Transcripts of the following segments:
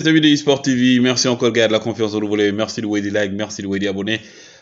Les amis de eSport TV, merci encore Gaël de la confiance de vous des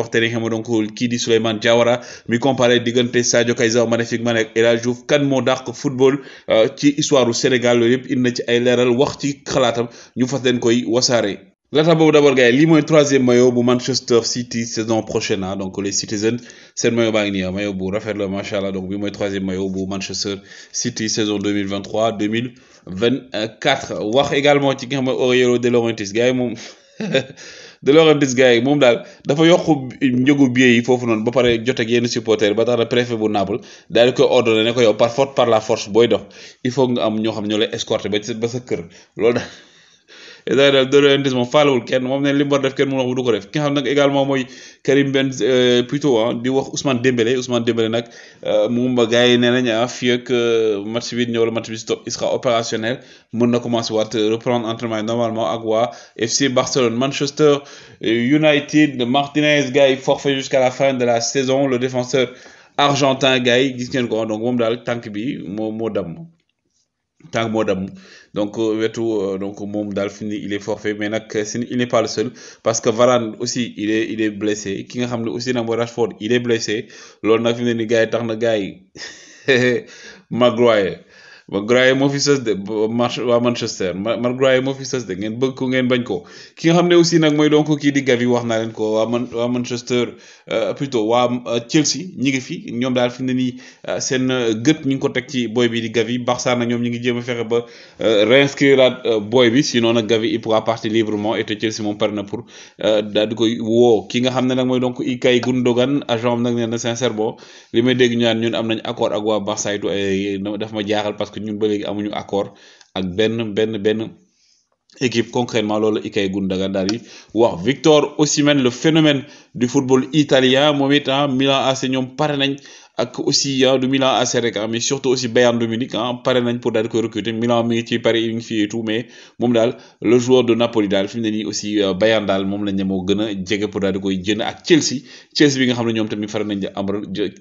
waxtaanee xam nga donc kii di Souleymane Diawara mi comparé diggante Sadio Kaiser magnifique man ak El Hadj Diouf kan moo dàq football euh, ci histoire u Sénégal yëpp indi na ci ay leeral wax ci xalaatam ñu fas leen koy wasaare. laata boobu d'abord gars lii mooy troisième maillot bu Manchester City saison prochaine ah donc les Citizens seen maillot baa ngi nii ah maillot bu rafet la macha allah donc bii mooy troisième maillot bu Manchester City saison 2023 2024 wax également ci nga xam ne Aurelio De Laurentiis de Laurentiis gars yi moom daal dafa yokk njëgu billet yi foofu noonu ba pare jot ak yenn supporters ba tax na bu Naples daal di koy ordonné ne ko yow par force par la force booy dox il faut nga am ñoo xam ñoo lay escorté ba sa kër loolu daal. doroentisme wul kenn moom ne li mu def kenn mu wax du ko def ki nga xam nag également mooy Karim Ben euh, plutôt ah, di wax Ousmane Dembélé Ousmane Dembélé nag euh, moom ba gars yi nee nañ ah fii ak euh, match bi ñëw la match bi stop il sera opérationnel mën na commencer waat reprendre entraînement normalement ak waa FC Barcelone Manchester United Martinez gars yi forfait jusqu'à la fin de la saison le défenseur argentin gars yi gis ngeen ko ah, donc moom daal tànk bi moo moo damm tàng moo dam donc euh, wetu euh, donc moom daal fi ni il est forfait mais nag euh, si il n'est pas le seul parce que Varane aussi il est il est blessé ki nga xam ne aussi nag mooy Rashford il est blessé loolu nag fi mu ne ni gars yi tax na gars yi Maguire moo fi sës de marche waa Manchester Maguire moo fi sës de ngeen bëgg ko ngeen bañ ko ki nga xam ne aussi nag mooy donc i di Gavi wax ko waa man waa Manchester euh, plutôt euh, ngi fi ñoom daal fi ne nii euh, seen gët ñu ngi ko teg ci booy bi di Gavi Barça nag ñoom ñu ngi jéem a fexe ba réinscrire booy bi sinon nag Gavi il pourra partir librement et te Chelsea moom pare na pour daal di koy woo ki nga xam ne nag mooy donc Ilkay Gundogan agent am nag nee na sincèrement li may dégg ñu naan ñun am nañ accord ak waa Barça et ma jaaxal parce que ñun ba léegi amuñu accord ak benn benn benn équipe concrètement loolu Ikay Gundogan daal di wax Victor Osimhen le phénomène du football italien moom it ah, Milan AC ñoom pare nañ. ak aussi du ah, Milan AC rek mais surtout aussi Bayern de ah, pare nañ pour daal di koy recruter Milan mi ngi ci pare yi ngi fi et tout mais moom daal le joueur de Napoli daal fi ne nii aussi euh, Bayern daal moom lañ ne moo gën a jege pour daal di koy jënd ak Chelsea Chelsea bi nga xam ne ñoom tamit pare nañ di am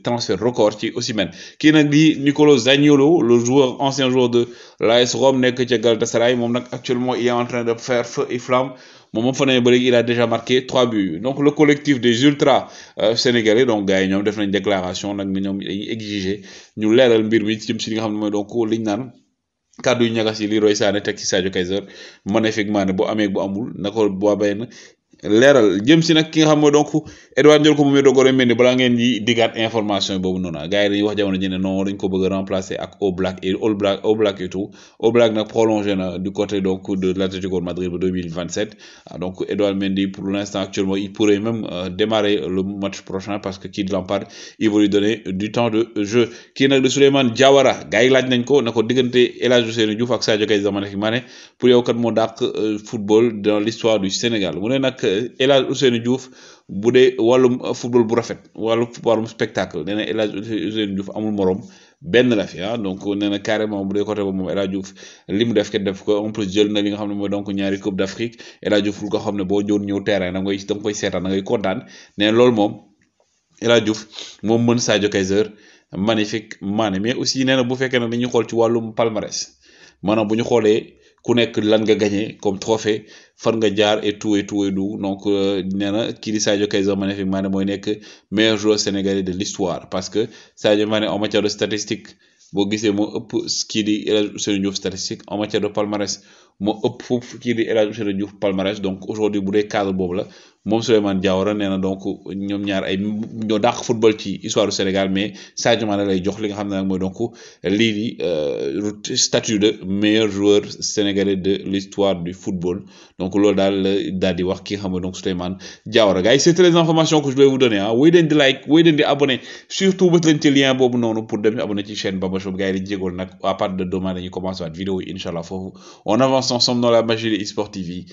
transfert record ci Osimhen kii nag di Nicolo Zaniolo le joueur ancien joueur de l'AS Rome nekk ca Galatasaray moom nag actuellement il est en moom moom fa ne ba léegi il a déjà marqué trois buts donc le collectif des ultras euh, sénégalais donc gars yi ñoom def nañ déclaration nag ni ñoom dañuy exiger ñu leeral mbir mi jëm si li nga xam ne mooy donc liñ naan kàddu yu ñagas yi Leroy Sané teg ci Sadio Kaiser magnifiquement ne bu amee bu amul na ko boo benn leeral jëm si nag ki nga xam mooy donc Edouard Ndiol ko moom it dogoore mel ni balaa ngeen di information boobu noonu ah, gars yi dañuy wax jamono ji ne non ko bëgg remplacer ak All Black et All Black All Black na du côté donc de l'Atlético Madrid ba 2027 ah, donc pour l'instant actuellement il pourrait même euh, démarrer le match prochain parce que Kylian Lampard il va lui donner du temps de jeu kii nag de Souleymane Diawara gars yi laaj nañ ko na ko diggante El Hadji Ousseynou Diouf ak Sadio Kay Zamalek Mané euh, Sénégal mu ne El Hadj Ousseynou Diouf bu dee wàllum football bu rafet wàllum wàllum spectacle nee benn la fi ah donc nee na carrément bu dee côté boobu moom El Hadj li mu def kat def ko en plus jël na li nga xam ne mooy donc ñaari coupe d' Afrique El Hadj Diouf lu ko xam ne boo joon ñëw terrain da nga koy da nga koy seetaan da ngay kontaan nee na loolu moom El Hadj Diouf moom mën Sadio Kaiser magnifique Mané mais aussi nee na bu fekkee ne dañuy xool ci wàllum palmarès maanaam bu xoolee. ku nekk lan nga gagné comme trophée fan nga jaar et tout et donc euh, nee na kii di Sadio Kay Sadio Mané fi maanaam mooy nekk meilleur joueur sénégalais de l'histoire parce que Sadio Mané en matière de statistique boo gisee moo ëpp kii di El Hadj Ousseynou Diouf statistique en matière de palmarès moo ëpp foofu kii di El Hadj Ousseynou Diouf palmarès donc aujourd'hui bu dee cadre boobu la moom Souleymane Diawara nee na donc ñoom ñaar ay ñoo dàq football ci histoire du Sénégal mais Sadio Mané lay jox li nga xam ne nag mooy donc lii di euh, statut de meilleur joueur sénégalais de l'histoire du football donc loolu daal la daal di wax ki nga xam ne donc Souleymane Diawara gars les informations que je voulais vous donner ah like woy leen di surtout bës leen ci lien boobu noonu pour dem abonné ci chaîne Bamba Show gars yi di jégool nag foofu on avance ensemble dans la magie de eSport TV